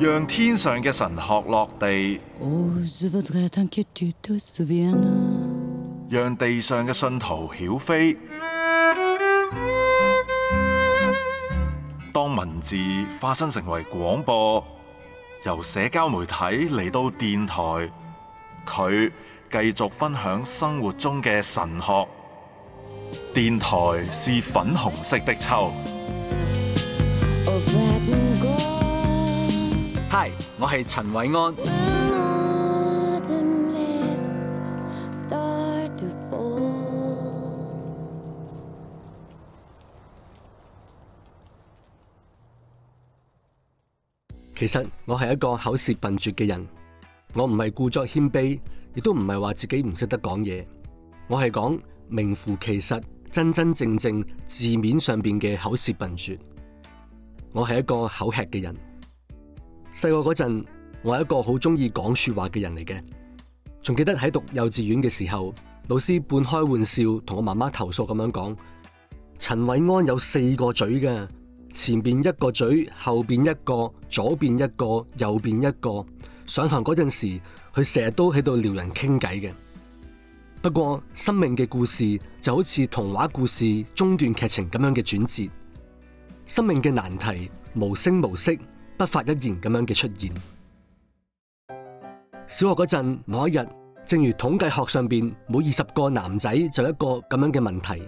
讓天上嘅神學落地，讓地上嘅信徒曉飛。當文字化身成為廣播，由社交媒體嚟到電台，佢繼續分享生活中嘅神學。電台是粉紅色的秋。我係陳偉安。其實我係一個口舌笨拙嘅人，我唔係故作謙卑，亦都唔係話自己唔識得講嘢，我係講名副其實、真真正正、字面上面嘅口舌笨拙。我係一個口吃嘅人。細個嗰陣，我係一個好中意講說話嘅人嚟嘅，仲記得喺讀幼稚園嘅時候，老師半開玩笑同我媽媽投訴咁樣講：陳偉安有四個嘴嘅，前邊一個嘴，後邊一個，左邊一個，右邊一個。上堂嗰陣時，佢成日都喺度撩人傾偈嘅。不過，生命嘅故事就好似童話故事中段劇情咁樣嘅轉折，生命嘅難題無聲無息，不發一言咁樣嘅出現。小學嗰陣某一日，正如統計學上邊每二十個男仔就一個咁樣嘅問題，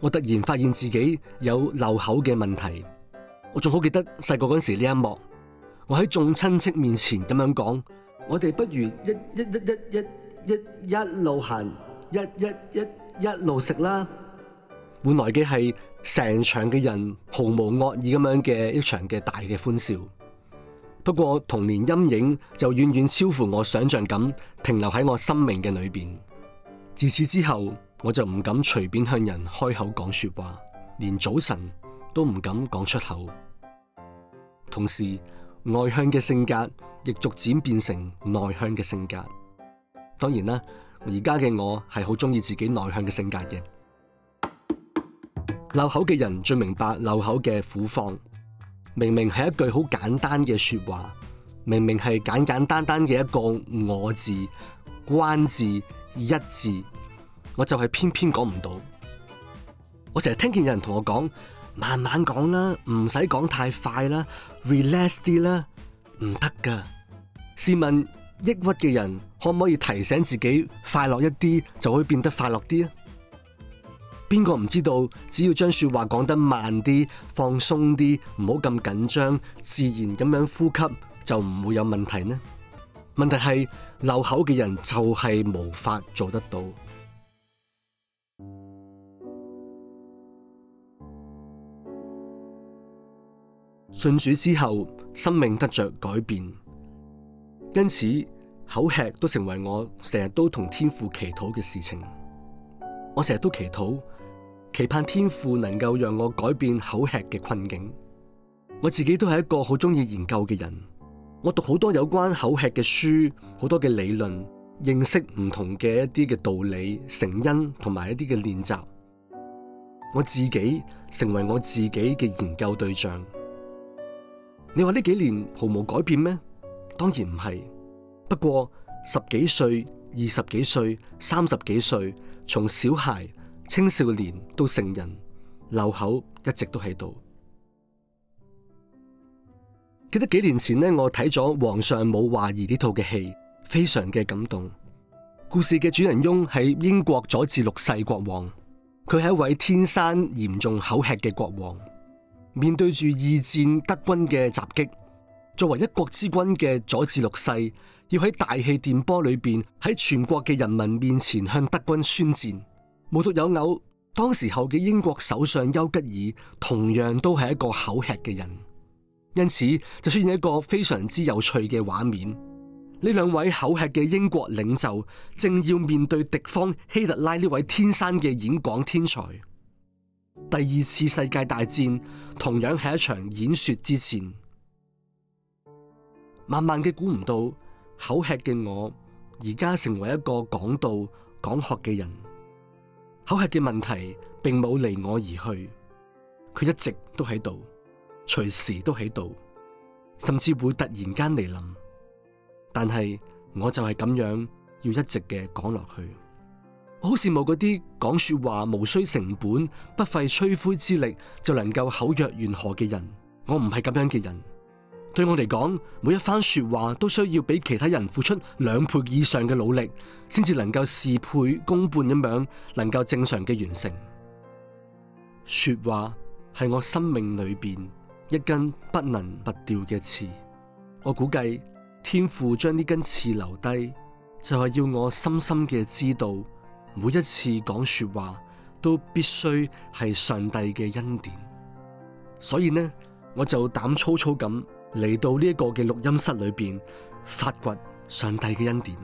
我突然發現自己有漏口嘅問題。我仲好記得細個嗰時呢一幕，我喺眾親戚面前咁樣講，我哋不如一一一一一一路行，一一一一路食啦。換來嘅係成場嘅人毫無惡意咁樣嘅一場嘅大嘅歡笑。不過童年陰影就遠遠超乎我想象咁，停留喺我生命嘅裏邊。自此之後，我就唔敢隨便向人開口講說話，連早晨都唔敢講出口。同時，外向嘅性格亦逐漸變成內向嘅性格。當然啦，而家嘅我係好中意自己內向嘅性格嘅。漏口嘅人最明白漏口嘅苦況。明明係一句好簡單嘅説話，明明係簡簡單單嘅一個我字、關字、一字，我就係偏偏講唔到。我成日聽見有人同我講：慢慢講啦，唔使講太快啦，relax 啲啦，唔得㗎。試問，抑鬱嘅人可唔可以提醒自己快樂一啲，就可以變得快樂啲啊？邊個唔知道？只要將說話講得慢啲，放鬆啲，唔好咁緊張，自然咁樣呼吸，就唔會有問題呢。問題係漏口嘅人就係無法做得到。信主之後，生命得着改變，因此口吃都成為我成日都同天父祈禱嘅事情。我成日都祈禱。期盼天父能夠讓我改變口吃嘅困境。我自己都係一個好中意研究嘅人，我讀好多有關口吃嘅書，好多嘅理論，認識唔同嘅一啲嘅道理、成因同埋一啲嘅練習。我自己成為我自己嘅研究對象。你話呢幾年毫無改變咩？當然唔係。不過十幾歲、二十幾歲、三十幾歲，從小孩。青少年都承認漏口一直都喺度。記得幾年前咧，我睇咗《皇上冇話兒》呢套嘅戲，非常嘅感動。故事嘅主人翁係英國佐治六世國王，佢係一位天生嚴重口吃嘅國王。面對住二戰德軍嘅襲擊，作為一國之君嘅佐治六世，要喺大氣電波裏邊喺全國嘅人民面前向德軍宣戰。無獨有偶，當時候嘅英國首相丘吉爾同樣都係一個口吃嘅人，因此就出現一個非常之有趣嘅畫面。呢兩位口吃嘅英國領袖正要面對敵方希特拉呢位天生嘅演講天才。第二次世界大戰同樣係一場演說之戰。慢慢嘅估唔到，口吃嘅我而家成為一個講道講學嘅人。口吃嘅問題並冇離我而去，佢一直都喺度，隨時都喺度，甚至會突然間嚟臨。但係我就係咁樣，要一直嘅講落去。我好羨慕嗰啲講說話無需成本、不費吹灰之力就能夠口若懸河嘅人，我唔係咁樣嘅人。對我嚟講，每一番說話都需要畀其他人付出兩倍以上嘅努力，先至能夠事倍功半一樣，能夠正常嘅完成。說話係我生命裏面一根不能拔掉嘅刺。我估計天父將呢根刺留低，就係、是、要我深深嘅知道，每一次講說話都必須係上帝嘅恩典。所以呢，我就膽粗粗咁。嚟到呢個嘅錄音室裏面，發掘上帝嘅恩典。